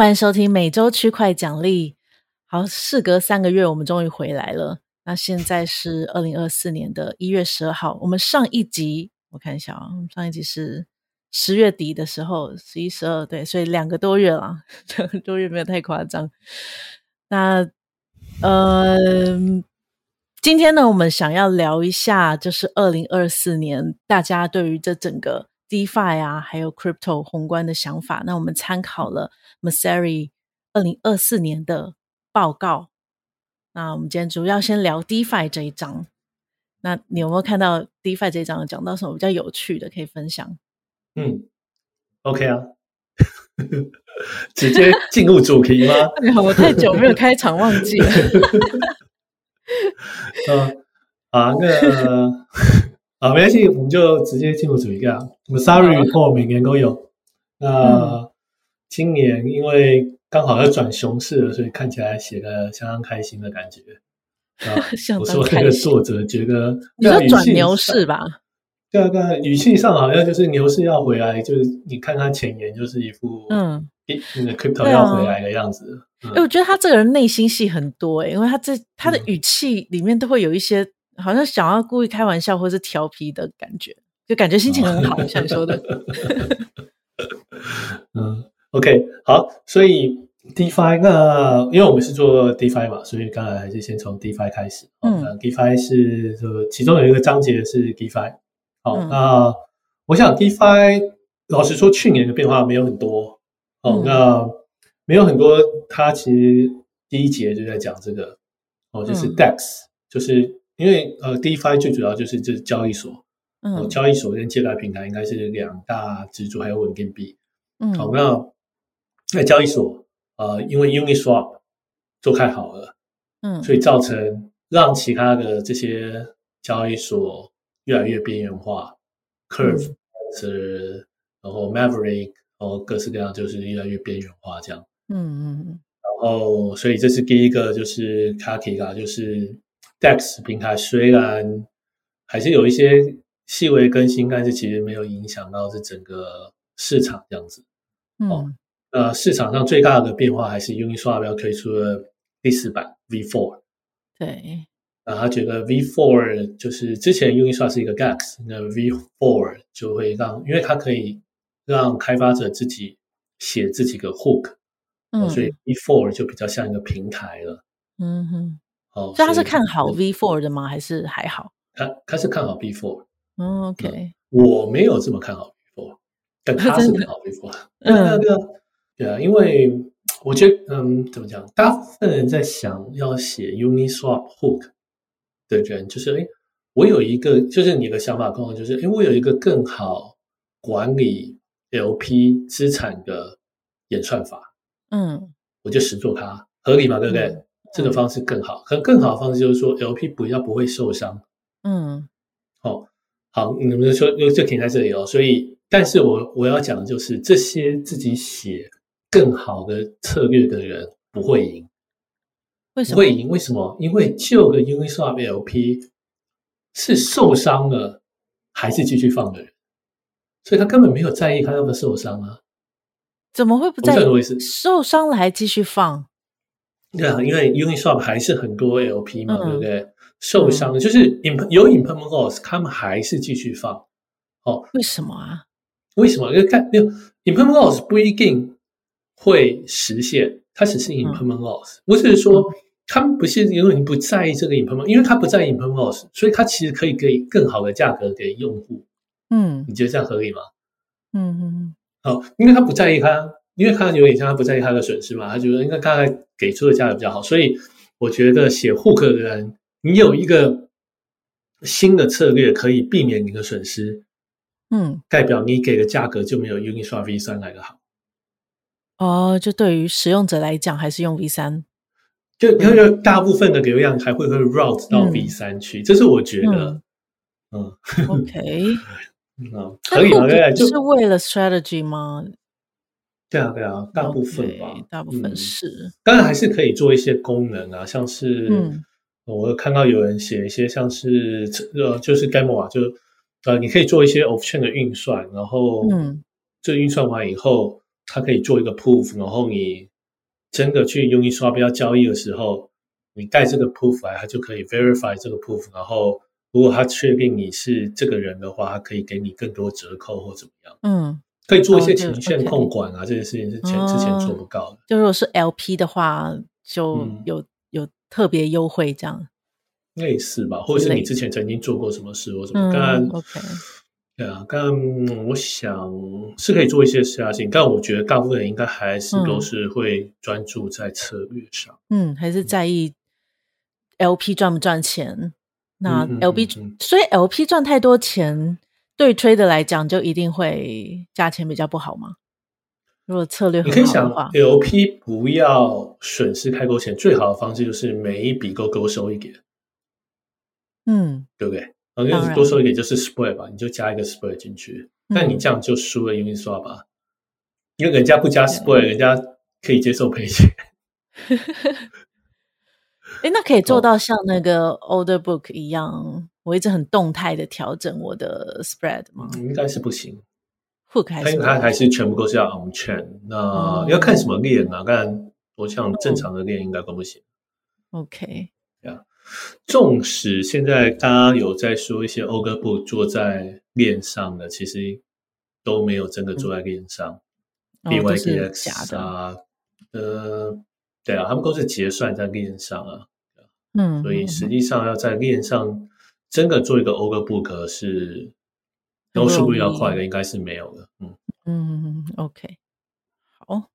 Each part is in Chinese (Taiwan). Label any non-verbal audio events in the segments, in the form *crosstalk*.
歡迎收聽每周區塊獎勵。好，事隔三個月，我們終於回來了。那現在是二零二四年的一月十二號。我們上一集我看一下啊，上一集是十月底的時候，十一十二對，所以兩個多月了，兩 *laughs* 個多月沒有太誇張。那呃，今天呢，我們想要聊一下，就是二零二四年大家對於這整個。DeFi 啊，還有 Crypto 宏觀的想法，那我們參考了 Messari 二零二四年的報告。那我們今天主要先聊 DeFi 這一章。那你有沒有看到 DeFi 這一章有講到什麼比較有趣的可以分享？嗯，OK 啊，直接進入主題嗎、 *laughs* *laughs* 嗯？我太久沒有開場，忘記了。嗯、 *laughs* 啊，啊、那個、呃。 *laughs* 啊，沒關係，我們就直接進入主題啊、嗯。我們 Messari report 每年都有，那、呃嗯、今年因為剛好要轉熊市了，所以看起來寫得相當開心的感覺啊。我說這個作者覺得你要轉牛市吧？對啊，那語氣上好像就是牛市要回來，就是你看他前言就是一副嗯，那個 crypto 要回來的樣子。哎、嗯，嗯、我覺得他這個人內心戲很多、欸、因為他這、嗯、他的語氣裡面都會有一些。好像想要故意開玩笑或者是調皮的感覺，就感覺心情很好。想 *laughs* 說的， *laughs* 嗯，OK，好，所以 DeFi 那因為我們是做 DeFi 嘛，所以剛才還是先從 DeFi 開始。嗯、哦、DeFi 是、呃、其中有一個章節是 DeFi、哦。好、嗯，那我想 DeFi 老實說，去年的變化沒有很多。哦，嗯、那沒有很多。它其實第一節就在講這個哦，就是 DEX、嗯、就是。因為呃 DeFi 最主要就是這交易所，嗯，哦、交易所跟借貸平台應該是兩大支柱，還有穩定幣，嗯，好、哦、那在、呃、交易所呃，因為 Uniswap 做太好了，嗯，所以造成讓其他的這些交易所越來越邊緣化，Curve、嗯、是然後 Maverick 然後各式各樣就是越來越邊緣化這樣，嗯嗯嗯，然後所以這是第一個就是卡 a k i 就是。DEX 平台雖然還是有一些細微更新，但是其實沒有影響到這整個市場這樣子。嗯，哦、呃，市場上最大的變化還是 Unity 刷要推出了第四版 V4。對，那、呃、他覺得 V4 就是之前 Unity 刷是一個 g a x 那 V4 就會讓，因為它可以讓開發者自己寫自己個 hook，、嗯哦，所以 V4 就比較像一個平台了。嗯，嗯哼。哦、oh,，所以他是看好 V4 的嗎？還是還好？他他是看好 V4。OK、嗯，我沒有這麼看好 V4，但他是看好 V4。嗯，對、嗯、啊，對啊，因為我覺得，嗯，怎麼講？大部分人在想要寫 Uniswap Hook 的人，就是，誒、欸，我有一個，就是你的想法剛好就是，為、欸、我有一個更好管理 LP 資產的演算法。嗯，我就實做它，合理嗎，對不對？這個方式更好，可能更好的方式就是說，LP 不要不會受傷。嗯，哦，好，你們就說就就停在這裡哦。所以，但是我我要講的就是，這些自己寫更好的策略的人不會贏。為什麼？會贏？為什麼？因為舊的 Uniswap LP 是受傷了還是繼續放的人，所以他根本沒有在意他要沒受傷啊？怎麼會不在意？受傷了還繼續放？對啊，因為 Uniswap 還是很多 LP 嘛，嗯嗯，對不對？受傷就是 im, 有 impermanent loss，他們還是繼續放哦。Oh, 為什麼啊？為什麼？因為看沒 impermanent loss 不一定會實現，它只是 impermanent loss。不、嗯、是說他們不是因為你不在意這個 impermanent，因為他不在意 impermanent loss，所以他其實可以給更好的價格給用戶。嗯，你覺得這樣合理嗎？嗯嗯。好、嗯，oh, 因為他不在意他。因為他有點像他不在意他的損失嘛，他覺得應該剛才給出的價格比較好，所以我覺得寫 hook 的人，你有一個新的策略，可以避免你的損失，嗯，代表你給的價格就沒有 Uniswap V 三來的好。哦，就對於使用者來講，還是用 V 三？就因為、嗯、大部分的流量還會會 Route 到 V 三去、嗯，這是我覺得，嗯，OK，嗯。嗯 *laughs* okay. 可以嗎？就是為了 strategy 嗎？對啊，對啊，大部分吧，okay, 大部分是。當、嗯、然還是可以做一些功能啊，像是，嗯哦、我有看到有人寫一些像是，呃，就是 Game a、啊、l 就，呃，你可以做一些 Off Chain 的運算，然後，嗯，這運算完以後，它可以做一個 Proof，然後你真的去用一刷標交易的時候，你帶這個 Proof 來，它就可以 Verify 這個 Proof，然後如果它確定你是這個人的話，它可以給你更多折扣或怎麼樣，嗯。可以做一些前線控管啊，oh, okay. 這些事情是前之前做不到、哦、就如果是 LP 的話，就有、嗯、有特別優惠這樣。類似吧，或者是你之前曾經做過什麼事或怎麼？剛，剛、嗯、OK，對啊，剛我想是可以做一些事情，但我覺得大部分人應該還是都是會專注在策略上。嗯，嗯還是在意 LP 賺不賺錢？嗯、那 LP，、嗯嗯嗯、所以 LP 賺太多錢。對 trader 來講，就一定會價錢比較不好嗎？如果策略很好，你可以想，LP 不要損失開多錢，嗯，最好的方式就是每一筆都多收一點，嗯，對不對？啊，多收一點就是 spread 吧，你就加一個 spread 進去。那、嗯、你這樣就輸了，因為刷吧、嗯？因為人家不加 spread，人家可以接受賠錢。哎、 *laughs* *laughs* 欸，那可以做到像那個 order book 一樣。我一直很動態的調整我的 spread 嗎？嗯、應該是不行。會開 o k 還是還是全部都是要 on chain。那要看什麼鏈啊？我、嗯、看我想正常的鏈應該都不行。OK，對啊。縱、yeah. 使現在大家有在說一些 order book 做在鏈上的、嗯，其實都沒有真的做在鏈上。嗯、dYdX 啊，呃，對啊，他們都是結算在鏈上啊。嗯，所以實際上要在鏈上。真的做一個歐格布克 l e 是，然後速度要快的， *noise* 應該是沒有的。嗯嗯，OK，好。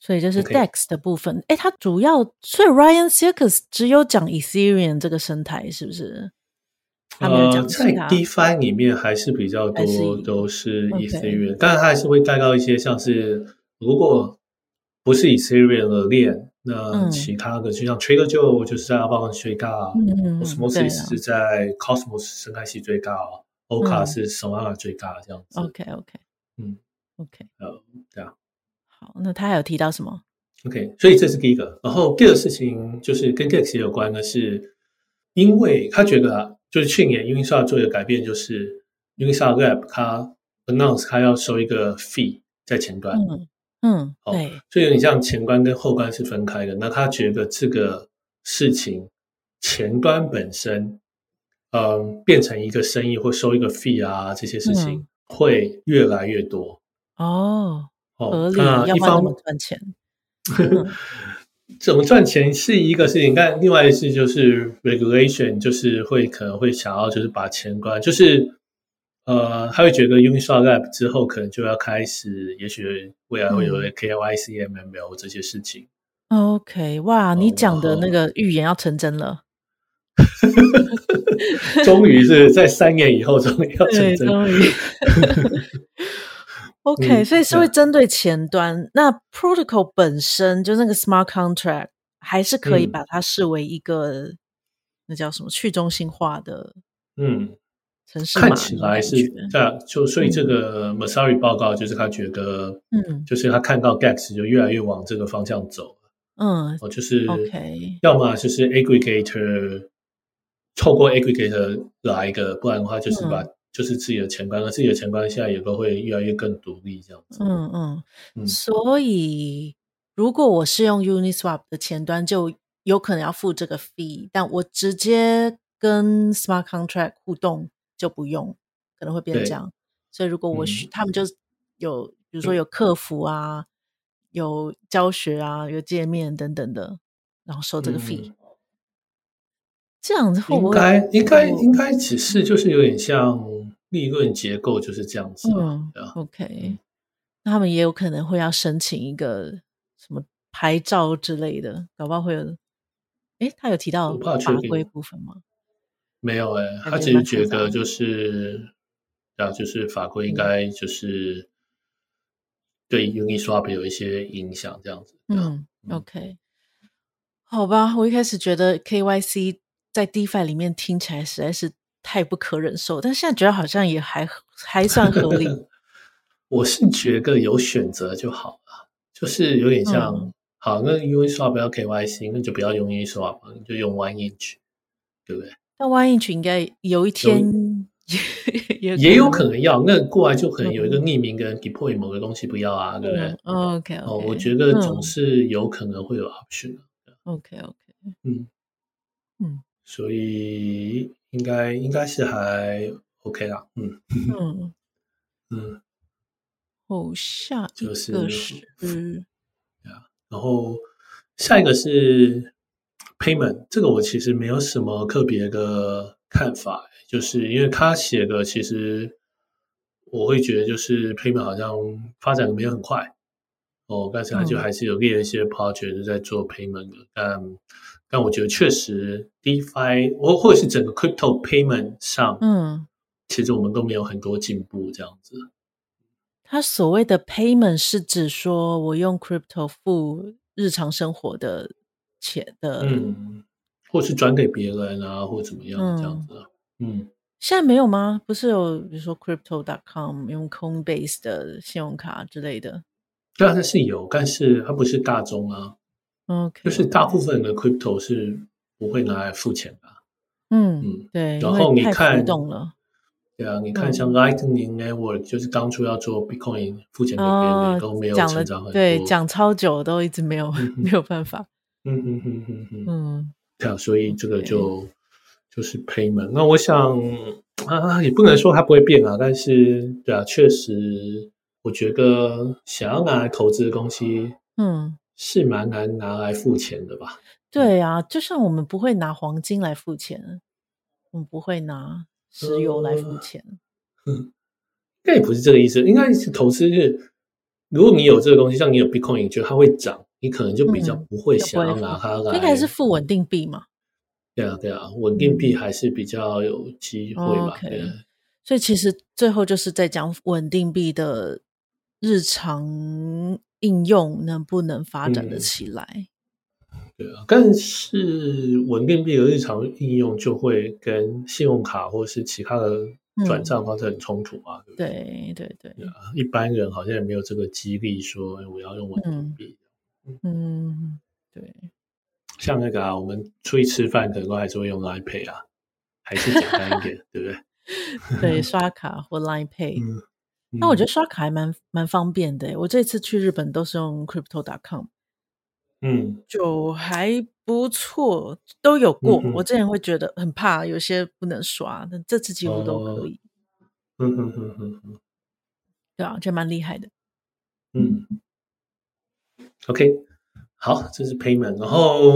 所以這是 DEX 的部分。哎、okay.，它主要所以 Ryan c i r c u s 只有講 Ethereum 這個生態，是不是？他沒有講、呃、在 D e f i n e 裡面還是比較多是都是 Ethereum，當然、okay. 他還是會帶到一些像是，如果不是 Ethereum 的鏈。那其他的、嗯、就像 Trader Joe 就是在阿邦最大 Osmosis 是在 Cosmos 生態系最高 Orca 是 Solana 最大、嗯、這樣子。OK OK，嗯 OK，呃、嗯、對啊。好，那他還有提到什麼？OK，所以這是第一個。然後第二個事情就是跟 DEX 有關的是，因為他覺得就是去年因為需要做一個改變就是 Uniswap 它、嗯、announce 他要收一個 fee 在前端。嗯嗯，對、哦，所以你像前端跟後端是分開的，那他覺得這個事情前端本身，嗯、呃、變成一個生意或收一個費啊，這些事情、嗯、會越來越多。哦，哦，那、啊嗯、要慢慢賺錢。嗯、 *laughs* 怎麼賺錢是一個事情，但另外一次就是 regulation，就是會可能會想要就是把前端，就是。呃，他會覺得用 s h a r App 之後，可能就要開始，也許未來會有 KYC AML 這些事情。OK，哇，哦、你講的那個預言要成真了，終於 *laughs* 是在三年以後，終於要成真了。了 *laughs* 終 *laughs* OK，、嗯、所以是會針對前端對。那 Protocol 本身就是、那個 Smart Contract 還是可以把它視為一個，嗯、那叫什麼去中心化的？嗯。看起來是，那就所以這個 Messari 報告就是他覺得，嗯，就是他看到 GAX 就越來越往這個方向走，嗯，哦，就是 OK，要麼就是 Aggregator、嗯、透過 Aggregator 來一個，不然的話就是把、嗯、就是自己的前端和自己的前端現在也都會越來越更獨立這樣子，嗯嗯，嗯，所以如果我是用 Uniswap 的前端，就有可能要付這個 fee，但我直接跟 Smart Contract 互動。就不用，可能會變這樣。所以如果我、嗯、他們就有，比如說有客服啊，嗯、有教學啊，有界面等等的，然後收這個費、嗯。這樣子會不會，應該應該應該只是就是有點像利潤結構就是這樣子。嗯，OK。他們也有可能會要申請一個什麼牌照之類的，搞不好會有，欸，他有提到法規部分嗎？有沒有哎、欸，他只是覺得就是，然後就是法規應該就是對 Uniswap 有一些影響這樣子。嗯，嗯，OK，好吧，我一開始覺得 KYC 在 DeFi 裡面聽起來實在是太不可忍受，但現在覺得好像也還還算合理。 *laughs* 我是覺得有選擇就好了， *laughs* 就是有點像，嗯、好，那 Uniswap 不要 KYC，那就不要用 Uniswap，就用 1inch，對不對？那萬一群應該有一天有 *laughs* 有也有可能要，那過來就可能有一個匿名跟 deploy 某個東西不要啊，嗯、對不對、哦？OK OK，哦，我覺得總是有可能會有 option、嗯嗯、OK OK，嗯嗯，所以應該、嗯、應該是還 OK 啦。嗯嗯嗯，哦，下就是嗯，對 *laughs* 啊個， *laughs* 然後下一個是。Payment 這個我其實沒有什麼特別的看法，就是因為他寫的，其實我會覺得就是 Payment 好像發展的沒有很快。哦，剛才就還是有列一些 project 是在做 Payment 的，嗯，但但我覺得確實 DeFi 或或者是整個 Crypto Payment 上，嗯，其實我們都沒有很多進步這樣子。他所謂的 Payment 是指說我用 Crypto 付日常生活的。錢的，嗯，或是轉給別人啊，或怎麼樣這樣子啊，嗯，嗯，現在沒有嗎？不是有，比如說 crypto.com 用 Coinbase 的信用卡之類的，對啊，它是有，但是它不是大宗啊。OK，就是大部分的 crypto 是不會拿來付錢的。嗯，嗯，對。然後你看，懂了。對啊，你看像 Lightning Network，嗯，就是當初要做 Bitcoin 付錢給別人，都沒有成長很多，對，講超久都一直沒有 *laughs* 沒有辦法。嗯哼哼哼哼，嗯，對啊，所以這個就、嗯、就是 payment。那我想啊，也不能說它不會變啊，但是對啊，確實，我覺得想要拿來投資的東西，嗯，是蠻難拿來付錢的吧？對啊，就像我們不會拿黃金來付錢，我們不會拿石油來付錢。嗯，嗯應該也不是這個意思，應該是投資是，如果你有這個東西，像你有 Bitcoin，你覺得它會漲。你可能就比較不會想要拿它來，所、嗯、以還是付穩定幣嘛？對啊，對啊，穩定幣還是比較有機會嘛？嗯、對。Okay. 所以其實最後就是在講穩定幣的日常應用能不能發展得起來，嗯？對啊，但是穩定幣的日常應用就會跟信用卡或是其他的轉賬方式很衝突嘛？嗯、對不對？對對對、對、啊。一般人好像也沒有這個激勵說、欸、我要用穩定幣。嗯嗯，對，像那個啊，我們出去吃飯，很多還是會用 Line Pay 啊，還是簡單一點，對 *laughs* 不對？ *laughs* 對，刷卡或 Line Pay。那、嗯嗯、我覺得刷卡還蠻蠻方便的。我這次去日本都是用 Crypto.com，嗯，就還不錯，都有過。嗯、我之前會覺得很怕，有些不能刷，但這次幾乎都可以。哦、嗯嗯嗯嗯嗯，對啊，這蠻厲害的。嗯。嗯 OK，好，這是 Payment，然後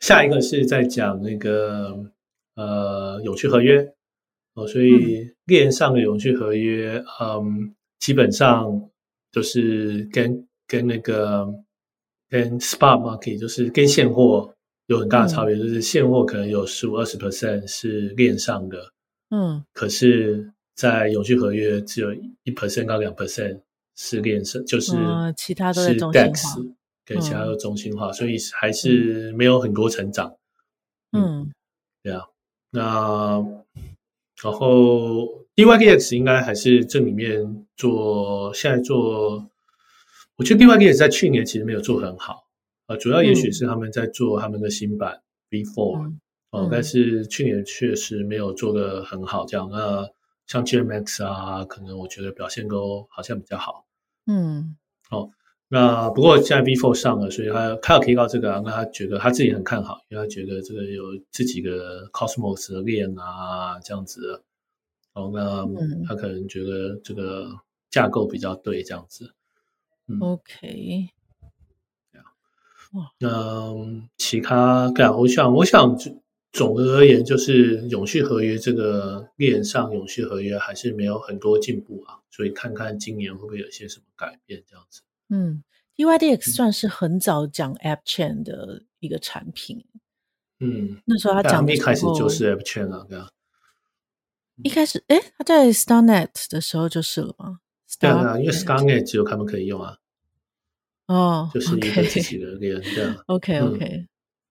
下一個是在講那個呃，永續合約哦，所以鏈上的永續合約，嗯，嗯，基本上就是跟跟那個跟 Spot Market 就是跟現貨有很大的差別，嗯，就是現貨可能有十五二十 percent 是鏈上的，嗯，可是在永續合約只有一 percent 到兩 percent。失戀是就是，嗯，其他都在中心化是 DEX，嗯，對其他都中心化，嗯，所以還是沒有很多成長。嗯，對、嗯、啊。Yeah. 那然後 dydx 應該還是這裡面做現在做，我覺得 dydx 在去年其實沒有做很好啊，嗯，主要也許是他們在做他們的新版，嗯、v4 哦，嗯嗯，但是去年確實沒有做得很好。這樣，那像 GMX 啊，可能我覺得表現都好像比較好。嗯，哦，那不過現在 V4 上了，所以他他要提高這個啊，那他覺得他自己很看好，因為他覺得這個有自己的 Cosmos 的鏈啊這樣子，哦，那他可能覺得這個架構比較對這樣子。嗯嗯、OK，那、嗯、其他、嗯，我想，我想就。總的而言，就是永續合約這個鏈上永續合約還是沒有很多進步啊，所以看看今年會不會有些什麼改變這樣子。嗯，dydx 算是很早講 app chain 的一個產品。嗯，那時候他講的剛剛一開始就是 app chain 啊，對、嗯、吧？一開始，哎，他在 starnet 的時候就是了嗎？對啊，Star -Net. 因為 starnet 只有他們可以用啊。哦、oh,，就是一個自己的鏈、okay. 這樣。OK OK、嗯。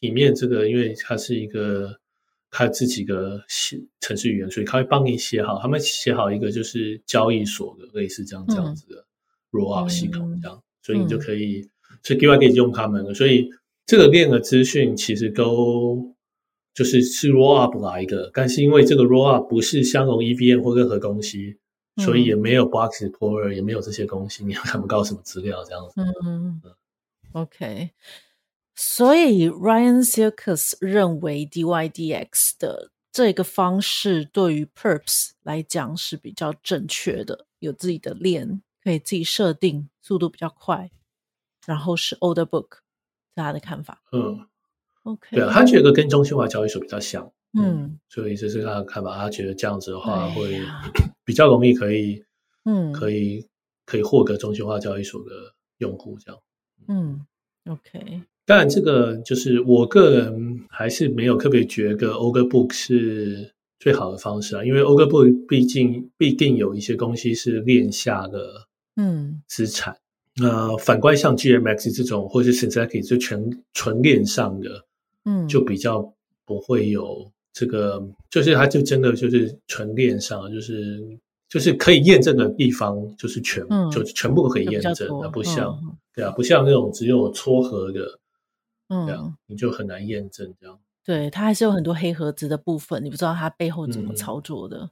裡面這個，因為它是一個它自己的寫程序語言，所以他會幫你寫好。他們寫好一個就是交易所的類似這樣這樣子的 roll up、嗯、系統這樣，所以你就可以，嗯、所以另外可以，以用他們了。所以這個鏈的資訊其實都就是是 roll up 來的，但是因為這個 roll up 不是相容 EVM 或任何東西，所以也沒有 block explorer 也沒有這些東西，你也看不到什麼資料這樣子。嗯，嗯，OK。所以 Ryan Selkis 認為 DYDX 的這個方式對於 Perps 來講是比較正確的，有自己的鏈，可以自己設定速度比較快。然後是 Order Book，大家的看法？嗯，OK，對、啊，他覺得跟中心化交易所比較像。嗯，嗯，所以這是他的看法，他覺得這樣子的話會、哎、比較容易可以，嗯，可以可以獲得中心化交易所的用戶這樣。嗯，OK。當然，這個就是我個人還是沒有特別覺得 order book 是最好的方式啊，因為 order book 畢竟必定有一些東西是鏈下的，嗯，資、呃、產。那反觀像 GMX 這種，或者 Synthetix 就全純鏈上的，嗯，就比較不會有這個，就是它就真的就是純鏈上，就是就是可以驗證的地方就是全，嗯、就全部都可以驗證、嗯、不像、嗯、對啊，不像那種只有撮合的。嗯，這樣你就很難驗證這樣。嗯、對，它還是有很多黑盒子的部分，你不知道它背後怎麼操作的。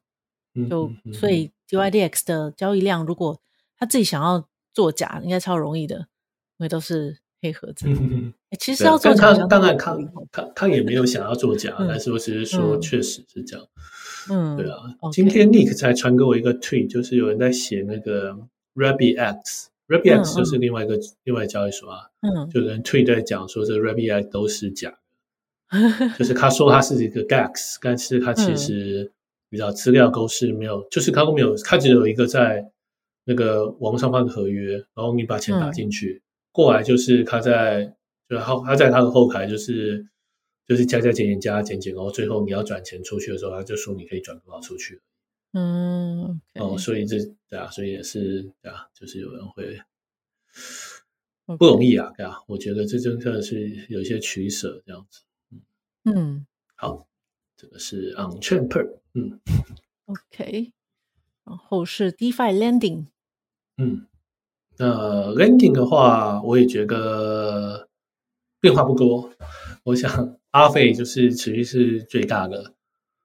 嗯、就、嗯嗯嗯、所以，DYDX 的交易量、嗯，如果他自己想要作假、嗯，應該超容易的，因為都是黑盒子。嗯、欸、其實要做假，當然他他他，他也沒有想要作假，但、嗯、是我只是說確實是這樣。嗯，對啊、okay。今天 Nick 才傳給我一個 tweet，就是有人在寫那個 Rabbit X。r a b i x 就是另外一個、嗯嗯、另外一個交易所啊，嗯、就跟 Twee 在講說這 r a b i x 都是假的、嗯。就是他說他是一個 GAX， *laughs* 但是他其實，你知道資料都是沒有、嗯，就是他都沒有，他只有一個在那個網上方的合約，然後你把錢打進去、嗯、過來，就是他在就他他在他的後台就是就是加加減減加減減，然後最後你要轉錢出去的時候，他就說你可以轉多少出去。嗯，哦、okay，嗯，所以這對啊，所以也是對啊，就是有人會 okay，不容易啊，對啊，我覺得這真的是有一些取捨這樣子。嗯，嗯，好，這個是 on chain per 嗯，OK，然後是 DeFi lending 嗯，那 lending 的話，我也覺得變化不多，我想 Aave 就是持續是最大的。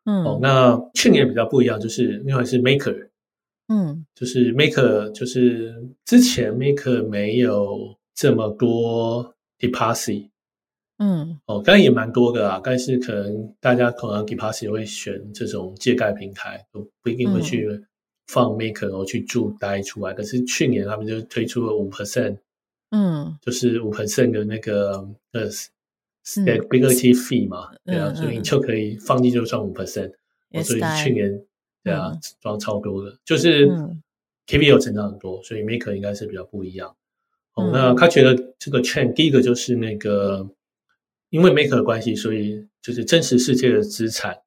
嗯，哦，那去年比較不一樣，就是另外、嗯、是 Maker，嗯，就是 Maker，就是之前 Maker 沒有這麼多 deposit，嗯，哦，剛剛也蠻多的啊，但是可能大家可能 deposit 會選這種借貸平台，不一定會去放 Maker，然後去住待出來、嗯，可是去年他們就推出了五 percent，嗯，就是五 percent 的那個呃 stability fee、嗯、嘛、嗯，對啊，嗯、所以你就可以放棄，就賺五 percent。所以去年、嗯，對啊，賺超多的，嗯、就是 KPI 有成長很多，所以 Maker 應該是比較不一樣、嗯哦。那他覺得這個 chain 第一個就是那個，因為 Maker 的關係，所以就是真實世界的資產，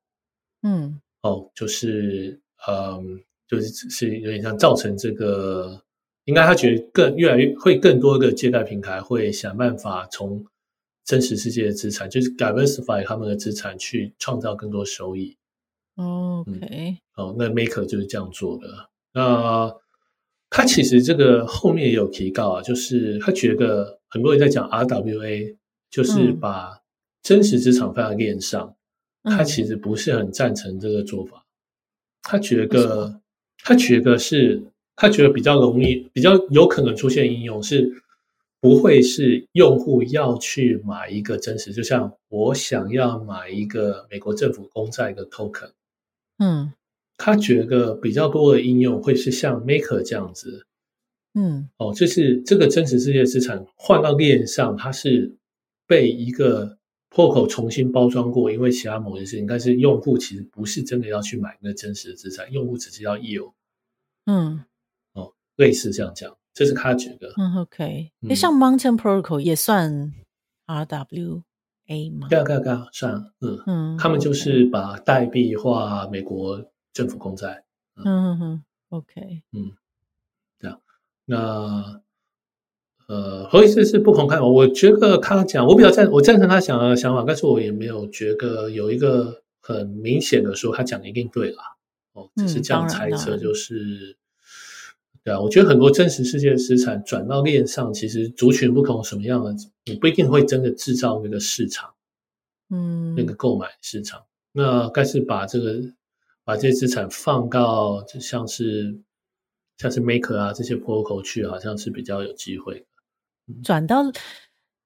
嗯，哦，就是，嗯，就是是有點像造成這個，應該他覺得更越來越會更多的借貸平台會想辦法從。真實世界的資產就是 diversify 他們的資產，去創造更多收益。Oh, OK，好、嗯哦，那 Maker 就是這樣做的。那、嗯、他其實這個後面也有提到啊，就是他覺得很多人在講 RWA，就是把真實資產放在鏈上、嗯，他其實不是很贊成這個做法。嗯、他覺得、哎，他覺得是，他覺得比較容易，比較有可能出現應用是。不會是用戶要去買一個真實，就像我想要買一個美國政府公債的 token，嗯，他覺得比較多的應用會是像 Maker 這樣子，嗯，哦，就是這個真實世界資產換到鏈上，它是被一個破口重新包裝過，因為其他某些事情，但是用戶其實不是真的要去買那個真實的資產，用戶只是要有。嗯，哦，類似這樣講。這是他覺得嗯嗯。嗯，OK。那像 Mountain Protocol 也算 RWA 嗎？對、嗯、啊，對啊，對啊，算。嗯嗯，他們就是把代幣化美國政府公債嗯嗯。嗯 okay 嗯，OK。嗯，這樣。那呃，何以思是不公開我覺得他講，我比較贊，我贊成他講的想法，但是我也沒有覺得有一個很明顯的說他講的一定對了。哦，只是這樣猜測就是、嗯。對啊，我覺得很多真實世界的資產轉到鏈上，其實族群不同，什麼樣的你不一定會真的制造那個市場，嗯，那個購買市場。那該是把這個把這些資產放到就像是像是 maker 啊這些 protocol 去，好像是比較有機會，嗯。轉到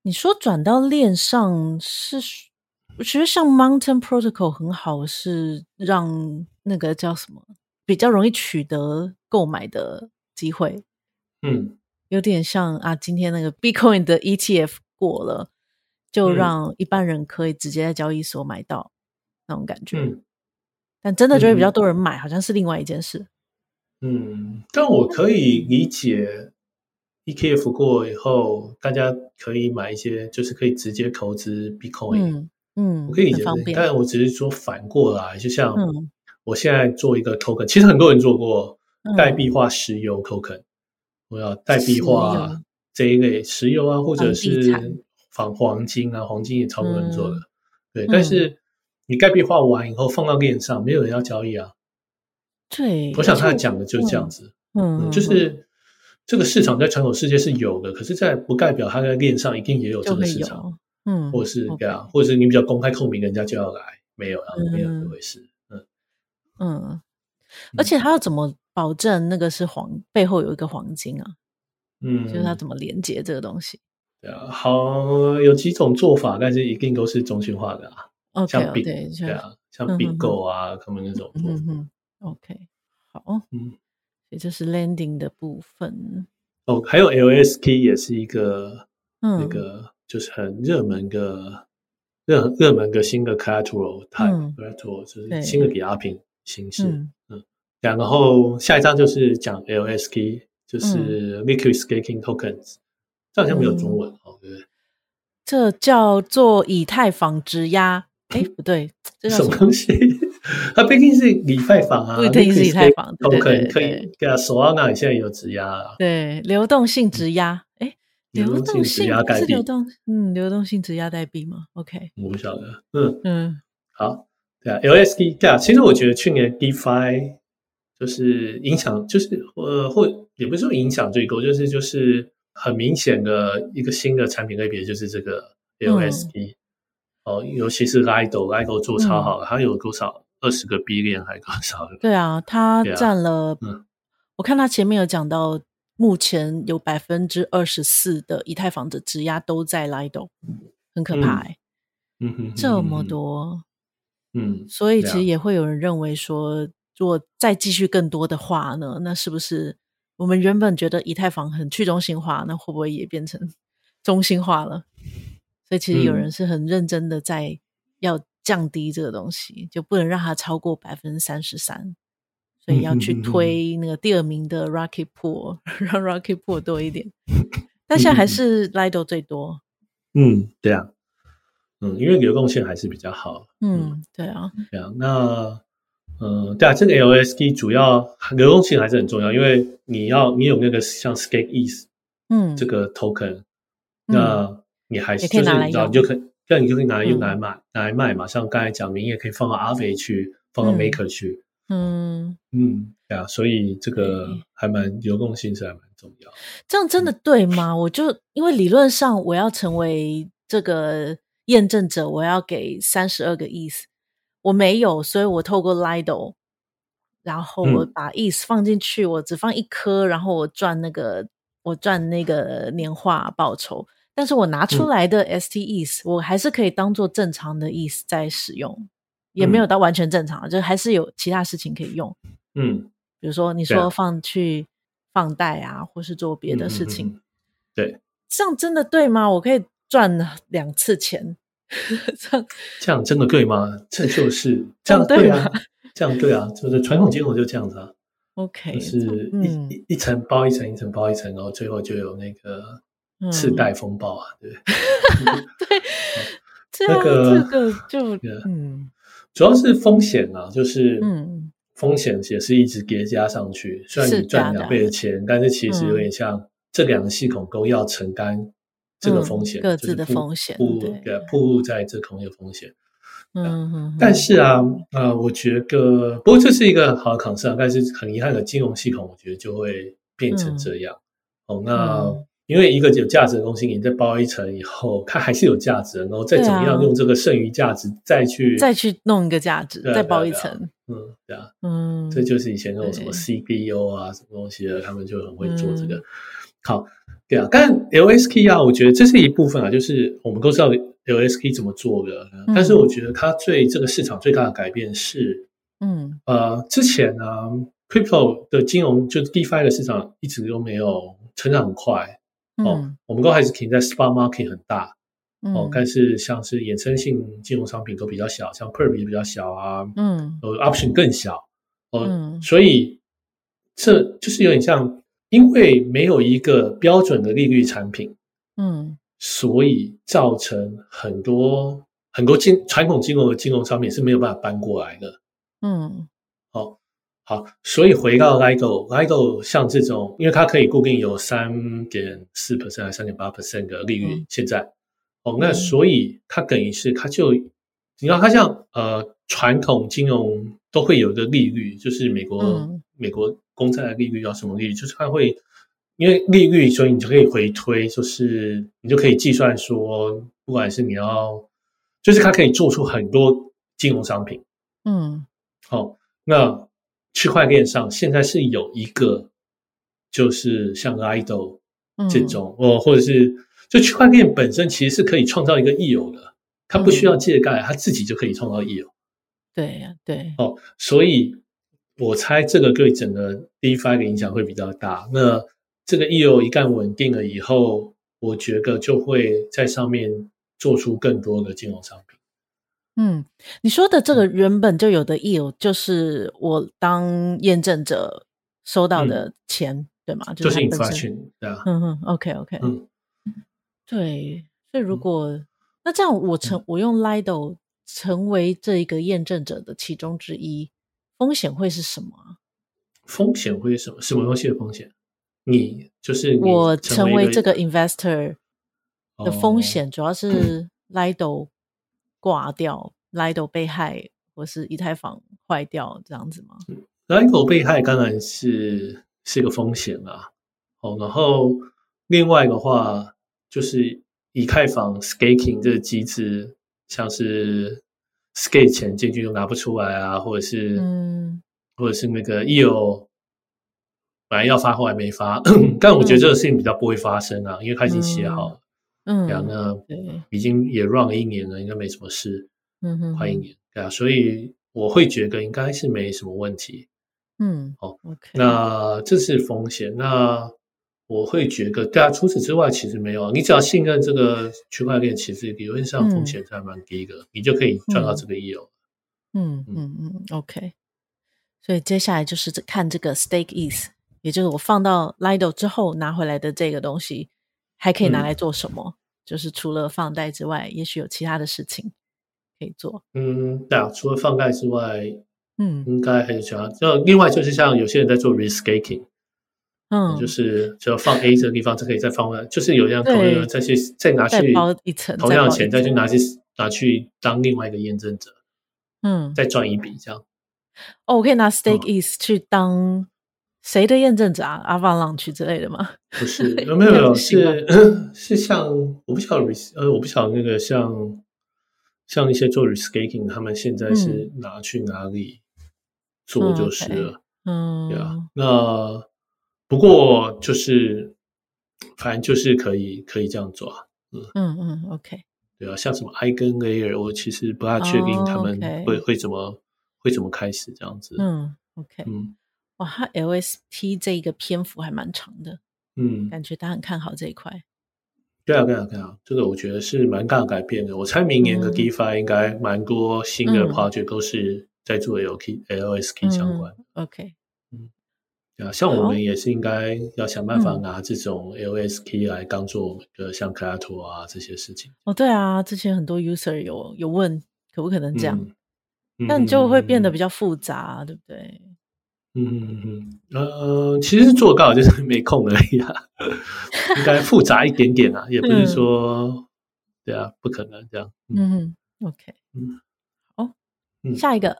你說轉到鏈上是，我覺得像 Mountain Protocol 很好，是讓那個叫什麼比較容易取得購買的。機會，嗯，有點像啊，今天那個 Bitcoin 的 ETF 過了，就讓一般人可以直接在交易所買到那種感覺。嗯，但真的就會比較多人買，嗯，好像是另外一件事，嗯，但我可以理解 ETF 過以後，大家可以買一些，就是可以直接投資 Bitcoin，嗯，嗯，我可以理解，方便，但我只是說反過來，就像我現在做一個 token，嗯，其實很多人做過。代幣化石油 c o c o 我要代幣化這一類石油啊，嗯、或者是仿黃金啊，嗯、黃金也超多人做的。對，但是你代幣化完以後放到鏈上，嗯，沒有人要交易啊。對，我想他講的就是這樣子。嗯，嗯，嗯，就是、嗯、這個市場在傳統世界是有的，嗯、可是，在不代表他在鏈上一定也有這個市場。嗯，或是這樣，嗯 okay. 或者是你比較公開透明，人家就要來，沒有啊，然後沒有這回事。嗯嗯，嗯，而且他要怎麼？保證那個是黃背後有一個黃金啊，嗯，就是它怎麼連接這個東西？對啊，好，有幾種做法，但是一定都是中心化的啊，okay, 像 b 對,對啊，像 BitGo 啊、嗯，他們那種做法，嗯嗯，OK 好，嗯，也就是 Landing 的部分哦，還有 LST 也是一個，嗯，那個就是很熱門的。熱熱門的新的 collateral type，嗯，就是新的抵押品形式。嗯嗯然後下一張就是講 LSD，就是 Liquid Staking Tokens，這、嗯、好像沒有中文哦、嗯，對不對？這叫做以太坊質押？哎，不對這什，什麼東西？ *laughs* 它畢竟是以太坊啊，不一定是以太坊，哦，可能可以，對啊，Solana 現在有質押，對，流動性質押，哎，流動性質押代幣，嗯，流動性質押、嗯、代幣嘛 OK 我不曉得，嗯嗯，好，對啊，LSD 對啊，其實我覺得去年 DeFi 就是影響，就是呃，或也不是說影響最高，就是就是很明顯的一個新的產品類別，就是這個 LSD、嗯、哦，尤其是 Lido，Lido Lido 做超好、嗯，它有多少二十個 B 鏈，還多少對啊，它占了、啊。我看他前面有講到，目前有百分之二十四的以太坊的質押都在 Lido，很可怕哎、欸，嗯哼、嗯嗯，這麼多，嗯，所以其實也會有人認為說，如果再繼續更多的話呢？那是不是我們原本覺得以太坊很去中心化，那會不會也變成中心化了？所以其實有人是很認真的在要降低這個東西，嗯、就不能讓它超過百分之三十三。所以要去推那個第二名的 Rocket Pool，、嗯、讓 Rocket Pool 多一點、嗯。但現在還是 Lido 最多。嗯，對啊，嗯，因為流動性還是比較好嗯。嗯，對啊，對啊，那。嗯嗯，對啊，這個 LSD 主要流動性還是很重要，因為你要你有那個像 stETH，嗯，這個 token，、嗯、那你還就是你知道，你就可以，那你就可以拿來用，嗯、拿來賣拿來賣嘛。像剛才講，你也可以放到 Aave 去，嗯，放到 Maker 去。嗯嗯，嗯，對啊，所以這個還蠻流動性是還蠻重要。這樣真的對嗎？ *laughs* 我就因為理論上我要成為這個驗證者，我要給三十二個 ETH。我沒有，所以我透過 Lido，然後我把 ETH 放進去、嗯，我只放一顆，然後我賺那個我賺那個年化報酬。但是我拿出來的 stETH、嗯、我還是可以當做正常的 ETH 在使用，也沒有到完全正常了、嗯，就還是有其他事情可以用。嗯，比如說你說放去放貸啊、嗯，或是做別的事情、嗯，對，這樣真的對嗎？我可以賺兩次錢？這 *laughs* 樣這樣真的對嗎？這就是這樣對啊，啊對，這樣對啊，就是傳統金融就這樣子啊。OK，就是一、嗯、一層包一層，一層包一層，然後最後就有那個次貸風暴啊，對，嗯、 *laughs* 對， *laughs* 那個、這個這個就 yeah, 嗯，主要是風險啊，就是風險也是一直疊加上去。嗯、雖然你賺兩倍的錢的、啊，但是其實有點像這兩個系統都要承擔。這個風險、嗯，各自的風險，鋪鋪路在這同業風險，嗯、啊、嗯。但是啊啊、嗯呃，我覺得，不過這是一個很好的嘗試，但是很遺憾的，金融系統我覺得就會變成這樣。嗯、哦，那、嗯、因為一個有價值的東西你再包一層以後，它還是有價值的，然後再怎麼樣用這個剩餘價值再去、啊、再去弄一個價值，啊、再包一層嗯。嗯，對啊，嗯，這就是以前那種什麼 CBO 啊，什麼東西啊，他們就很會做這個。嗯、好。對啊，但 LSK 啊，我覺得這是一部分啊，就是我們都知道 LSK 怎麼做的，嗯、但是我覺得它對這個市場最大的改變是，嗯，呃，之前呢、啊、Crypto 的金融就是 DeFi 的市場一直都沒有成長很快，哦、嗯呃，我們都還是停在 Spot Market 很大，哦、嗯呃，但是像是衍生性金融商品都比較小，像 Perp 也比較小啊，嗯，呃 Option 更小，哦、呃嗯，所以這就是有點像。因為沒有一個標準的利率產品，嗯，所以造成很多很多金傳統金融的金融產品是沒有辦法搬過來的，嗯，哦，好，所以回到 LIGO，LIGO、嗯、Ligo 像這種，因為它可以固定有三點四 percent 還是三點八 percent 的利率、嗯，現在，哦，那所以它等於是它就，你看它像呃傳統金融都會有一個利率，就是美國、嗯。美國公債利率要什麼利率？就是它會因為利率，所以你就可以回推，就是你就可以計算說，不管是你要，就是它可以做出很多金融商品。嗯、哦，好，那區塊鏈上現在是有一個，就是像 IDO 這種、嗯、哦，或者是就區塊鏈本身其實是可以創造一個益友的，它不需要借貸，它自己就可以創造益友。對、嗯、呀、哦，對，對哦，所以。我猜這個對整個 DeFi 的影響會比較大。那這個 Eo 一旦穩定了以後，我覺得就會在上面做出更多的金融商品。嗯，你說的這個原本就有的 Eo，、嗯、就是我當驗證者收到的錢，嗯、對嗎？就是你發去，就是、對吧、啊？嗯嗯，OK OK，嗯，對。所以如果、嗯、那這樣，我成、嗯、我用 Lido 成為這一個驗證者的其中之一。風險會是什麼？風險會是什麼？什麼東西的風險？你就是你成我成為這個 investor 的風險，主要是 Lido 掛掉、哦、，Lido 被害，或是以太坊壞掉這樣子嗎？Lido 被害當然是是一個風險啊。哦，然後另外的話，就是以太坊 staking 這個機制，像是，skate 錢進去又拿不出來啊，或者是、嗯，或者是那個 EO 本來要發後還沒發， *coughs* 但我覺得這個事情比較不會發生啊，嗯、因為他已經寫好了，嗯，呢對呢，已經也 run 了一年了，應該沒什麼事，嗯快一年對啊，所以我會覺得應該是沒什麼問題，嗯，好，OK，那這是風險，那。我會覺得，對啊，除此之外其實沒有啊。你只要信任這個區塊鏈，其實理論上風險還蠻低的。嗯，你就可以賺到這個 yield。嗯嗯嗯，OK。所以接下來就是看這個 stake is，也就是我放到 Lido 之後拿回來的這個東西，還可以拿來做什麼？嗯，就是除了放貸之外，也許有其他的事情可以做。嗯，嗯對啊，除了放貸之外，嗯，應該還有其他。就另外就是像有些人在做 restaking 嗯，嗯，就是只要放 A 這個地方，就可以再放了。就是有一樣，可以再去再拿去，同樣的錢再，再去拿去、嗯、拿、去拿去當另外一個驗證者。嗯，再賺一筆這樣。哦，我可以拿 Stake is、嗯、去當誰的驗證者啊，Avalanche 之類的嗎？不是，呃、沒有沒有， *laughs* 是是像我不曉得 Res 呃，我不曉得那個像像一些做 restaking 他們現在是拿去哪裡、嗯、做就是了。嗯，對、okay, 啊、嗯，yeah, 那。嗯不過就是，反正就是可以可以這樣做啊。嗯嗯嗯，OK。對啊，像什麼 EigenLayer，我其實不大確定他們會、oh, okay. 會怎麼會怎麼開始這樣子。嗯，OK。嗯，哇，他 LST 這一個篇幅還蠻長的。嗯，感覺他很看好這一塊。對啊，對啊，對啊，這個我覺得是蠻大改變的。我猜明年的 DeFi、嗯、應該蠻多新的 project、嗯、都是在做 LK LST 相關。嗯、OK。像我們也是應該要想辦法拿這種 LSP、哦、來當做呃，嗯、像克亞托啊這些事情哦，對啊，之前很多 user 有有問可不可能這樣，嗯嗯、但你就會變得比較複雜，嗯、對不對？嗯嗯呃，其實做稿就是沒空而已啊， *laughs* 應該複雜一點點啊，也不是說、嗯、對啊，不可能這樣。嗯，嗯，OK，嗯，好、哦嗯，下一個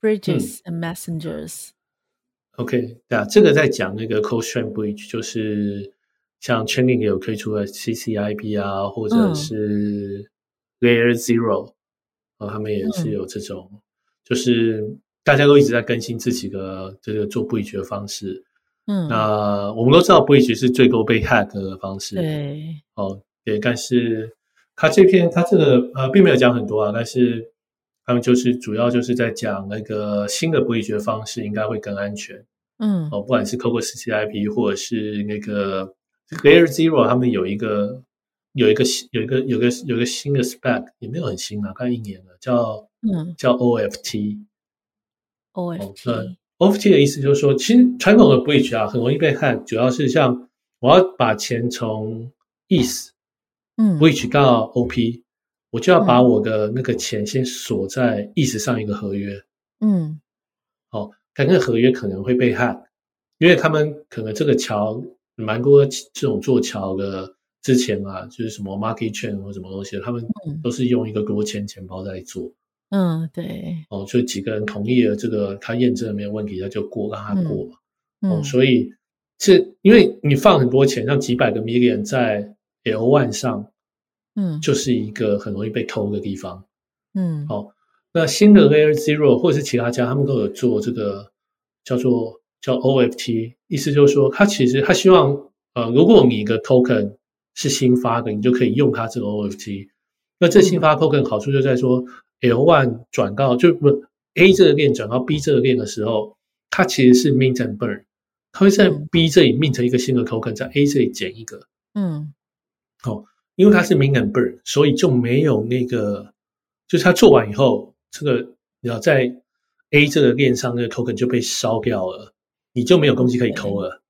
Bridges and Messengers、嗯。OK，那、yeah, 這個在講那個 Cold Chain Bridge，就是像 c h a i n i n 也有推出了 CCIP 啊，或者是 Layer Zero，嗯、啊、哦，他們也是有這種、嗯，就是大家都一直在更新自己的這個做 d g 局的方式。嗯，那我們都知道 d g 局是最夠被 Hack 的方式。嗯、對，哦，對，但是它這篇它這個呃並沒有講很多啊，但是。他們就是主要就是在講那個新的 Bridge 的方式應該會更安全，嗯，哦，不管是 Coco CCIP 或者是那個 Layer Zero，他們有一個有一個有一個有一個有一個新的 Spec 也沒有很新啊，剛一年了，叫嗯叫 OFT，OFT，OFT OFT OFT 的意思就是說，其實傳統的 Bridge 啊很容易被看，主要是像我要把錢從 East，嗯，Bridge 到 OP。我就要把我的那個錢先鎖在意識上一個合約，嗯，好、哦，但那個合約可能會被害，因為他們可能這個橋蠻多這種做橋的之前啊，就是什麼 market chain 或什麼東西，他們都是用一個多錢錢包在做，嗯，嗯，對，哦，所以幾個人同意了這個，他驗證沒有問題，他就過，讓他過嘛，嗯、哦，所以這因為你放很多錢，像幾百個 million 在 L1 上。嗯，就是一個很容易被偷的地方。嗯，好、哦，那新的 LayerZero 或者是其他家、嗯，他們都有做這個叫做叫 OFT，意思就是說，他其實他希望，呃，如果你的 token 是新發的，你就可以用它這個 OFT。那這新發的 token 好處就在說，L one 轉到、嗯、就不 A 這個鏈轉到 B 這個鏈的時候，它其實是 mint and burn，它會在 B 這裡 mint 一個新的 token，在 A 這裡減一個。嗯，好、哦。因為它是 mint and burn，所以就沒有那個，就是它做完以後，這個你要在 A 這個鏈上的 token 就被燒掉了，你就沒有工具可以偷了，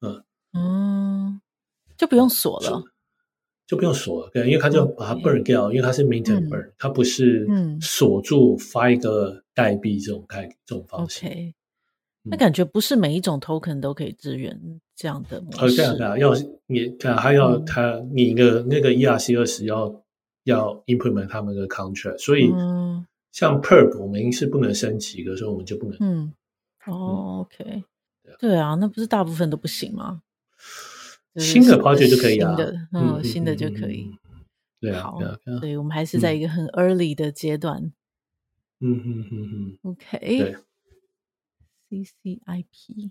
嗯嗯，就不用鎖了就，就不用鎖了，對，因為它就把它 burn 掉，okay. 因為它是 mint and burn，它、嗯、不是鎖住發一個代幣這種代、嗯、這種方式。O、okay. K，、嗯、那感覺不是每一種 token 都可以支援。這樣的哦，式，對啊對啊，要你看，還要他、嗯、你的那個 ERC 20要要 implement 他們的 contract，所以、嗯、像 Perp 我們是不能升級的，所以我們就不能嗯，哦嗯，OK，對啊，對啊，那不是大部分都不行嗎？新的，新的 project 就可以了、啊嗯嗯，嗯，新的就可以、嗯對啊嗯對啊，對啊，對，我們還是在一個很 early 的階段，嗯嗯嗯嗯，OK，CCIP。Okay. 對 CCIP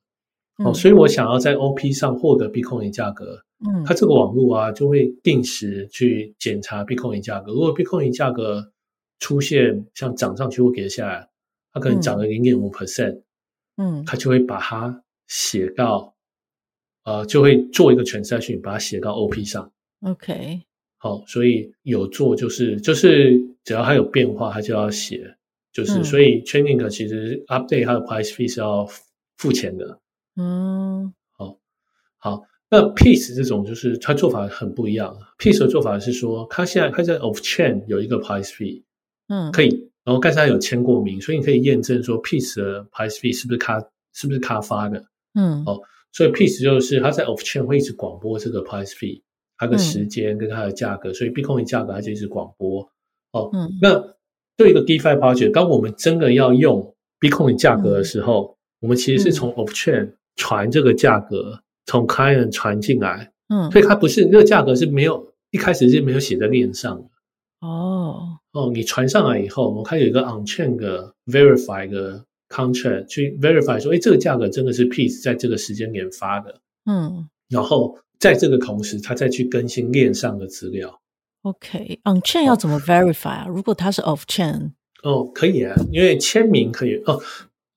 哦，所以我想要在 OP 上獲得 Bitcoin 價格。嗯，它這個網絡啊，就會定時去檢查 Bitcoin 價格。如果 Bitcoin 價格出現像漲上去或跌下來，它可能漲了零點五 percent，嗯，它就會把它寫到，啊、呃，就會做一個 transaction 把它寫到 OP 上。OK，好、哦，所以有做就是就是只要它有變化，它就要寫。就是、嗯、所以 training 的其實 update 它的 price feed 是要付錢的。嗯，好，好，那 peace 這種就是它做法很不一樣。嗯、peace 的做法是說，它現在它在 off chain 有一個 price fee，嗯，可以，然後剛才它有簽過名，所以你可以驗證說 peace 的 price fee 是不是它是不是它發的，嗯，哦，所以 peace 就是它在 off chain 會一直廣播這個 price fee，它的時間跟它的價格，嗯，所以 Bitcoin 價格它就一直廣播，哦，嗯，那對一個 DeFi project，當我們真的要用 Bitcoin 價格的時候，嗯，我們其實是從 off chain，嗯。嗯傳這個價格從 client 傳進來，嗯，所以它不是這、那個價格是沒有一開始是沒有寫在鏈上的哦哦，你傳上來以後，我們看有一個 on chain 的 verify 的 contract 去 verify 說，誒這個價格真的是 peace 在這個時間點發的，嗯，然後在這個同時，它再去更新鏈上的資料。OK，okay, on chain 要怎麼 verify 啊？Oh, 如果它是 off chain，哦，可以，啊，因為簽名可以，哦。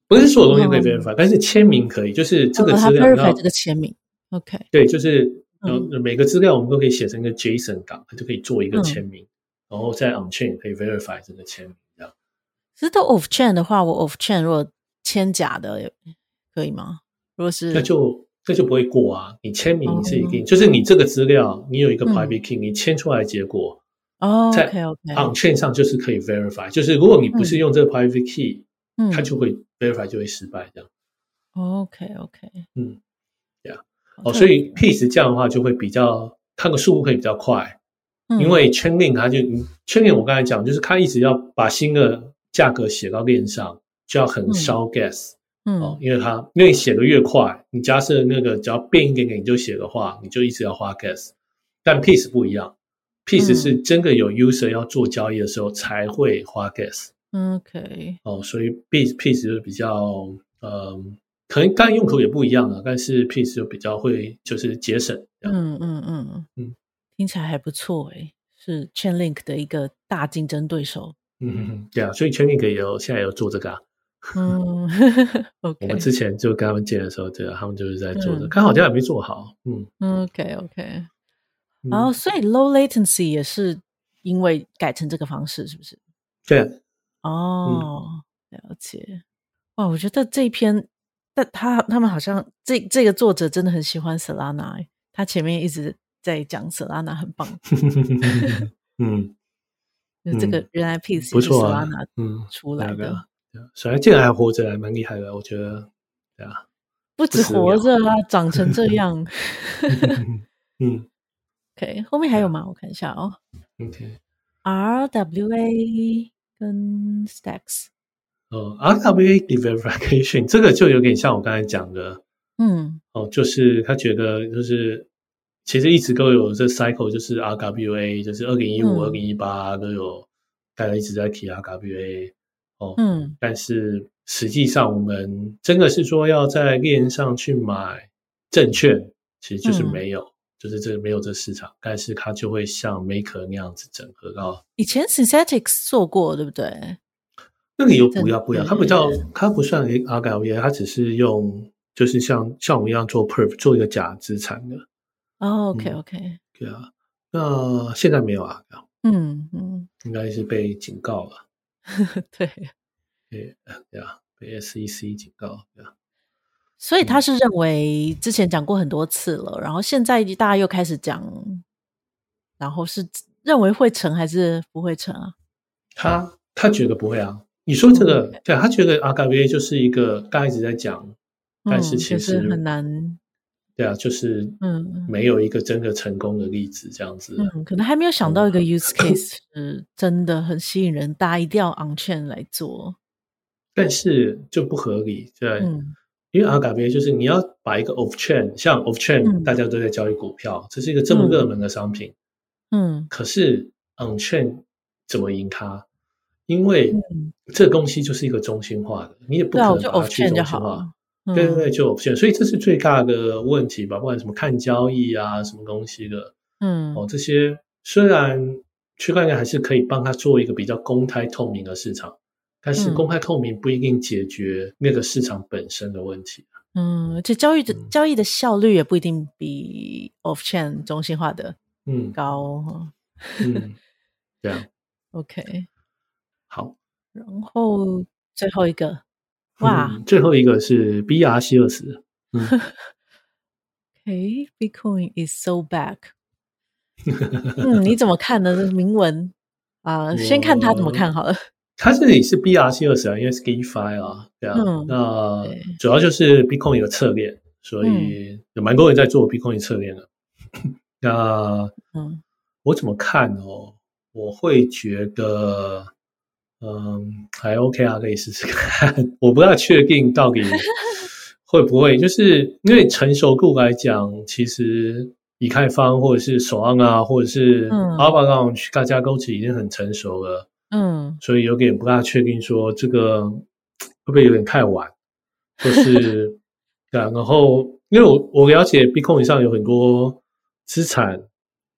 不是所有東西可以 verify、嗯、但是簽名可以、嗯，就是這個資料、哦，然後這個簽名，OK，對，就是、嗯、每個資料我們都可以寫成一個 JSON 檔，它就可以做一個簽名、嗯，然後在 on chain 可以 verify 這個簽名。這樣，其實 off chain 的話，我 off chain 如果簽假的可以嗎？如果是那就那就不會過啊！你簽名是一定，就是你這個資料你有一個 private key、嗯、你簽出來的結果，嗯、在 on chain 上就是可以 verify、哦、okay, okay 就是如果你不是用這個 private key、嗯、它就會。Verify 就會失敗，這樣。Oh, OK OK，嗯，對、yeah、啊、oh, 哦，所以 Piece 這樣的話就會比較，它的速度可以比較快，嗯、因為 Chainlink 它就、嗯、Chainlink 我剛才講，就是它一直要把新的價格寫到鏈上，嗯、就要很燒 Gas，嗯，哦，因為它因為寫的越快、嗯，你假設那個只要變一點點你就寫的話，你就一直要花 Gas，但 Piece 不一樣、嗯、，Piece 是真的有 User 要做交易的時候、嗯、才會花 Gas。OK 哦，所以 P piece 就比較，嗯、um,，可能干用途也不一樣了，但是 piece 就比較會就是節省這樣。嗯嗯嗯嗯，聽起來還不錯誒、欸，是 Chainlink 的一個大競爭對手。嗯，對啊，所以 Chainlink 也有現在也有做這個啊。嗯 *laughs* ，OK。我們之前就跟他們見的時候，對啊，他們就是在做的、這個，剛 *laughs* 好好像也沒做好。嗯,嗯，OK OK 嗯。然、oh, 後所以 low latency 也是因為改成這個方式，是不是？對、啊。哦、嗯，了解哇！我覺得這一篇，但他他，他們好像這這個作者真的很喜歡瑟拉娜，他前面一直在講瑟拉娜很棒。 *laughs* 嗯， *laughs* 嗯，這個原來 PC 不是瑟拉娜嗯出來的，瑟拉這個、啊、還活着、啊、還蠻厲害的，我覺得對啊。不止活着啊， *laughs* 長成這樣。 *laughs* 嗯，OK，後面還有嗎？嗯、我看一下哦。OK，RWA、okay.。嗯、Stacks，哦、uh,，RWA diversification 這個就有點像我剛才講的，嗯，哦，就是他覺得就是其實一直都有這 cycle，就是 RWA，就是二零一五、二零一八都有、嗯、大家一直在提 RWA，哦，嗯，但是實際上我們真的是說要在鏈上去買證券，其實就是沒有。嗯就是這個沒有這個市場，但是它就會像 Maker 那樣子整合到，以前 Synthetix 做過，對不對？那個又不要不要，它比較，它不算 R G algo，它只是用，就是像像我們一樣做 perf，做一個假資產的。Oh, OK，OK，okay, okay.、嗯、對啊。那現在沒有啊？嗯嗯，應該是被警告了。 *laughs* 對，對對啊，被、啊、SEC 警告對、啊所以他是認為之前講過很多次了、嗯，然後現在大家又開始講，然後是認為會成還是不會成啊？他他覺得不會啊。你說這個，嗯、對，他覺得 RWA 就是一個剛一直在講，但是其實，、嗯、其實很難。對啊，就是嗯，沒有一個真的成功的例子這樣子、嗯嗯。可能還沒有想到一個 use case、嗯、是真的很吸引人， *laughs* 大家一定要 on chain 來做。但是就不合理，對。嗯因為阿嘎幣就是你要把一個 off chain，像 off chain 大家都在交易股票，嗯、這是一個這麼熱門的商品，嗯，嗯可是 on chain 怎麼贏它？因為這東西就是一個中心化的，嗯、你也不可能把它去中心化，對、啊，就 off chain 就好嗯、對，對，就 off chain。所以這是最大的問題吧？不管什麼看交易啊，什麼東西的，嗯，哦，這些雖然區塊鏈還是可以幫他做一個比較公開透明的市場。但是公開透明不一定解決那個市場本身的問題。嗯，這交易的、嗯、交易的效率也不一定比 off chain 中心化的高，哦，嗯高。嗯，這樣 OK 好。然後最後一個、嗯、哇，最後一個是 BRC20。 *laughs* OK，Bitcoin、okay, is so back *laughs* 嗯，你怎麼看呢？銘、這個、文啊、uh，先看他怎麼看好了。它這裡是 BRC 二十啊，因為是 k y f i 啊，這樣、啊嗯、那對主要就是 Bitcoin 一個側鏈，所以、嗯、有蠻多人在做 Bitcoin 側鏈的。 *laughs* 那、嗯、我怎麼看哦？我會覺得嗯還 OK 啊，可以試試看。 *laughs* 我不太確定到底會不會， *laughs* 就是因為成熟度來講，其實以太坊或者是 Solana 啊或者是 Arbitrum 大家共識已經很成熟了。嗯， *noise* 所以有點不大確定，說這個會不會有點太晚，就是，對啊。 *laughs* 然後，因為我我了解幣控以上有很多資產，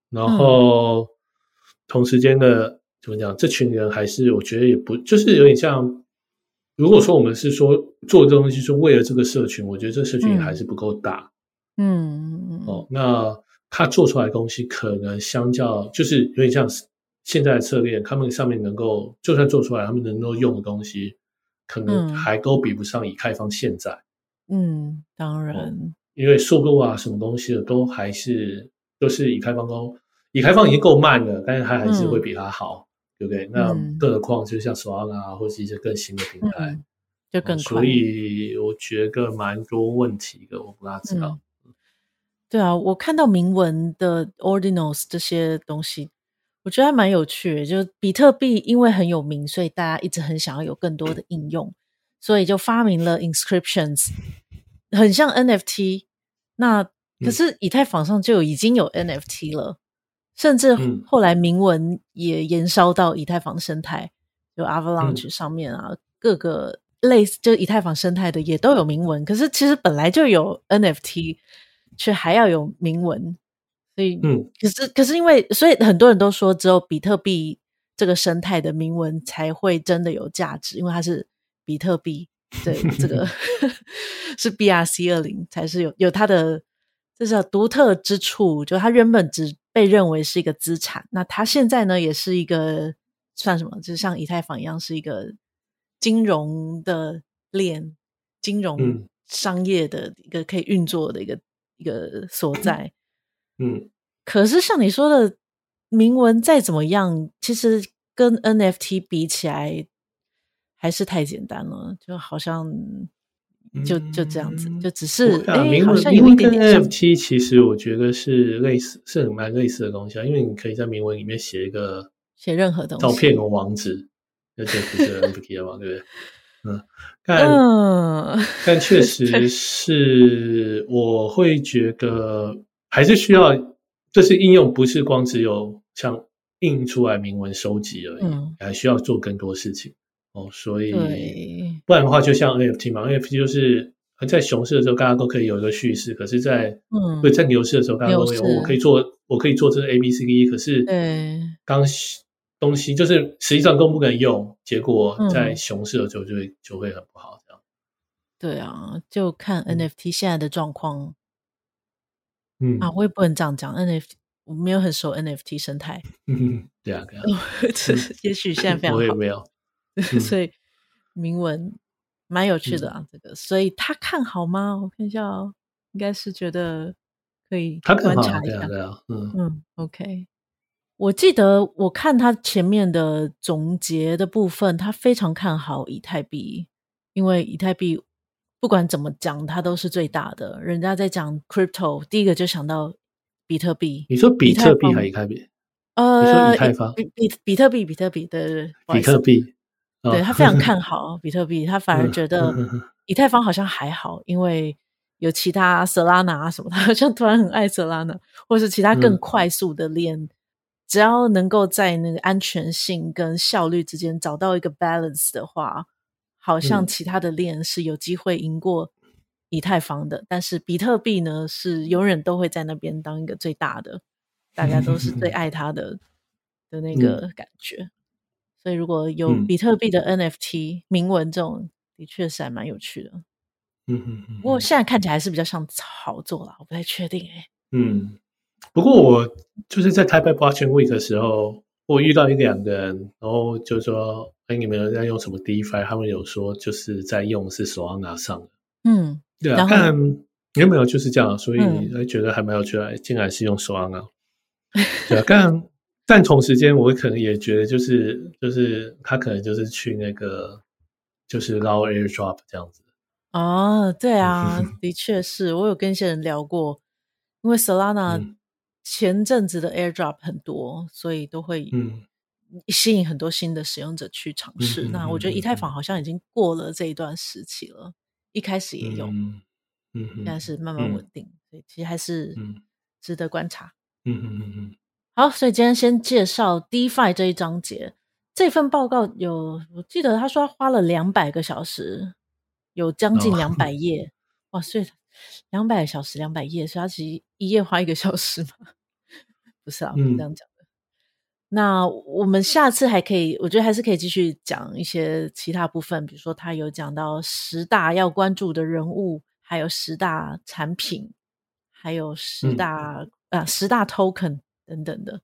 然後 *noise* 同時間的怎麼講，這群人還是我覺得也不就是有點像，如果說我們是說 *noise* 做這東西是為了這個社群，我覺得這社群也還是不夠大。嗯 *noise* *noise* 哦，那他做出來的東西可能相較就是有點像是。現在的策略，他們上面能夠就算做出來，他們能夠用的東西，可能還都比不上以太坊現在。嗯，當然，嗯、因為速度啊，什麼東西的都還是都、就是以太坊都，以太坊已經夠慢了，但是它還是會比它好，嗯、對不對？那更何、嗯、況就像 Solana 或是一些更新的平台，嗯、就更、嗯、所以我覺得蠻多問題的，我不大知道、嗯。對啊，我看到銘文的 Ordinals 這些東西。我覺得還蠻有趣的，就比特幣因為很有名，所以大家一直很想要有更多的應用，所以就發明了 inscriptions，很像 NFT 那。那可是以太坊上就有已經有 NFT 了，甚至後來銘文也延燒到以太坊的生態，就 Avalanche 上面啊，各個類似就以太坊生態的也都有銘文。可是其實本來就有 NFT，卻還要有銘文。所以，嗯，可是，可是，因為，所以，很多人都說，只有比特幣這個生態的銘文才會真的有價值，因為它是比特幣，對，這個 *laughs* 是 BRC 二零才是有有它的這是獨特之處，就它原本只被認為是一個資產，那它現在呢，也是一個算什麼？就是像以太坊一樣，是一個金融的鏈，金融商業的一個可以運作的一個、嗯、一個所在。嗯，可是像你說的，銘文再怎麼樣，其實跟 NFT 比起來還是太簡單了，就好像就就這樣子，嗯、就只是哎、啊欸，好像有一點點。NFT 其實我覺得是類似，是很蠻類似的東西啊，因為你可以在銘文裡面寫一個寫任何東西，照片和網址，那 *laughs* 就不是 NFT 了嘛，對不對？嗯，但嗯但確實是我會覺得。 *laughs* 還是需要，這、就是應用，不是光只有像印出來銘文收集而已，嗯，還需要做更多事情哦。Oh, 所以，不然的話，就像 NFT 嘛，NFT 就是在熊市的時候，大家都可以有一個敘事；可是在，在嗯，在牛市的時候剛剛剛，大家都有我可以做，我可以做這個 A B C D E。可是，剛東西就是實際上更不可能用，結果在熊市的時候就會，就，嗯，就會很不好這樣。對啊，就看 NFT 現在的狀況。嗯嗯啊，我也不能這樣講 NFT，我沒有很熟 NFT 生態。嗯，對啊，對啊。 *laughs* 也許現在非常好， *laughs* 我也沒有、嗯、 *laughs* 所以銘文蠻有趣的啊、嗯，這個。所以他看好嗎？我看一下哦、喔，應該是覺得可以觀察一下。啊啊啊、嗯，嗯。OK，我記得我看他前面的總結的部分，他非常看好以太幣，因為以太幣。不管怎麼講，它都是最大的。人家在講 crypto，第一個就想到比特幣。你說比特幣還是以太幣？呃，比比特幣，比特幣，對對對，比特幣。哦、對 *laughs* 他非常看好比特幣，他反而覺得以太坊好像還好，因為有其他 Solana 啊什麼，他好像突然很愛 Solana，或是其他更快速的鏈、嗯、只要能夠在那個安全性跟效率之間找到一個 balance 的話。好像其他的鏈是有機會贏過以太坊的，嗯，但是比特幣呢，是永遠都會在那邊當一個最大的，大家都是最愛它的，嗯、的那個感覺。所以如果有比特幣的 NFT 銘、嗯、文，這種的確是還蠻有趣的，嗯嗯嗯。不過現在看起來還是比較像炒作啦，我不太確定，欸、嗯，不過我就是在台北 blockchain week 的時候，我遇到一兩個人，然後就說。誒、欸、你們在用什麼 DeFi 他們有說，就是在用的是 Solana、嗯、上的，嗯，對啊。但有沒有就是這樣？所以覺得還蠻有趣、嗯、來，竟然是用 Solana？ *laughs* 對啊。但但同時間，我可能也覺得就是就是他可能就是去那個就是撈 AirDrop 這樣子。哦，對啊， *laughs* 的確是我有跟一些人聊過，因為 Solana 前陣子的 AirDrop 很多，嗯、所以都會嗯。吸引很多新的使用者去嘗試、嗯。那我覺得以太坊好像已經過了這一段時期了。嗯、一開始也有，嗯，嗯現在是慢慢穩定。所、嗯、以其實還是值得觀察。嗯嗯嗯嗯。好，所以今天先介紹 DeFi 這一章節。這份報告有，我記得他說他花了兩百個小時，有將近兩百頁。No. 哇，所以兩百個小時，兩百頁，所以他其實一頁花一個小時嘛不是啊，不、嗯、能這樣講。那我們下次還可以，我覺得還是可以繼續講一些其他部分，比如說他有講到十大要關注的人物，還有十大產品，還有十大、嗯、啊十大 token 等等的。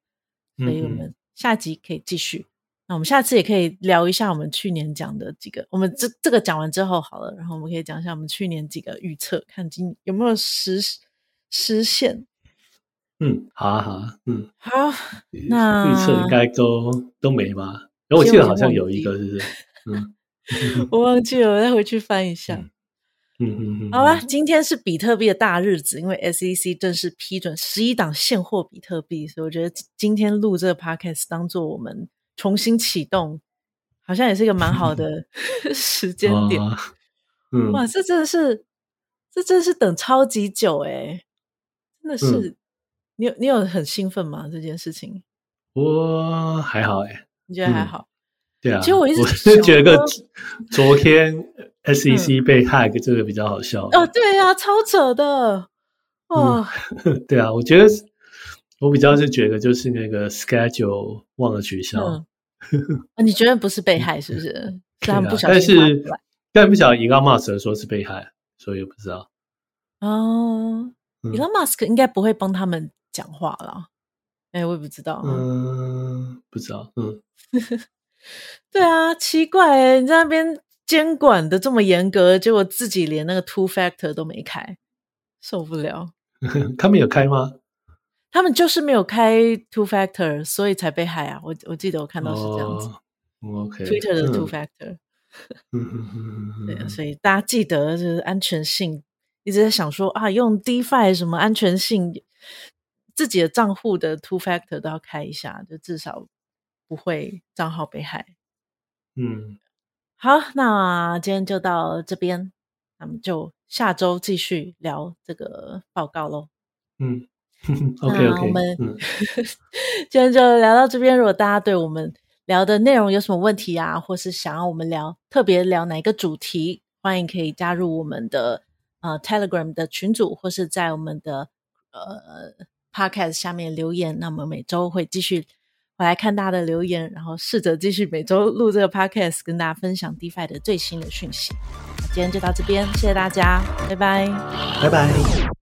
所以，我們下集可以繼續、嗯。那我們下次也可以聊一下我們去年講的幾個，我們這這個講完之後好了，然後我們可以講一下我們去年幾個預測，看今有沒有實實現。嗯，好啊，好啊，嗯，好，那預測應該都都沒吧？然後我記得好像有一個，是不是、嗯？我忘記了，我再回去翻一下。嗯嗯嗯，好啦、嗯，今天是比特幣的大日子，因為 SEC 正式批准十一檔現貨比特幣，所以我覺得今天錄這個 podcast 當做我們重新啟動，好像也是一個蠻好的、嗯、 *laughs* 時間點、啊嗯。哇，這真的是，這真的是等超級久哎、欸，真的是。嗯。你有你有很興奮嗎？這件事情。我還好誒、欸，你覺得還好、嗯？對啊，其實我一直我是覺得昨天 SEC 被 hack，這個比較好笑、嗯、哦，對啊，超扯的，哇，嗯、對啊，我覺得我比較是覺得就是那個 schedule 忘了取消，嗯 *laughs* 啊、你覺得不是被 hack，是不是？嗯、對啊，是他不他不然但是但不曉得 Elon Musk 說是被 hack，所以不知道哦、嗯、Elon Musk 應該不會幫他們。講話了、啊，哎、欸，我也不知道、啊，嗯，不知道，嗯， *laughs* 對啊，奇怪、欸，你在那邊監管的這麼嚴格，結果自己連那個 two factor 都沒開，受不了。他們有開嗎？他們就是沒有開 two factor，所以才被害啊。我我記得我看到是這樣子。Oh, OK，Twitter、okay, 的 two factor、嗯 *laughs* 啊。所以大家記得就是安全性，一直在想說啊，用 DeFi 什麼安全性。自己的賬戶的 two factor 都要開一下，就至少不會賬號被害。嗯，好，那今天就到這邊，那麼就下周繼續聊這個報告咯。嗯，OK， *laughs* 那我們 *laughs* 今天就聊到這邊。如果大家對我們聊的內容有什麼問題啊，或是想要我們聊特別聊哪一個主題，歡迎可以加入我們的、呃、Telegram 的群組，或是在我們的呃。podcast 下面留言，那麼每週會繼續回來看大家的留言，然後試着繼續每週錄這個 podcast，跟大家分享 DeFi 的最新的訊息。今天就到這邊，謝謝大家，拜拜，拜拜。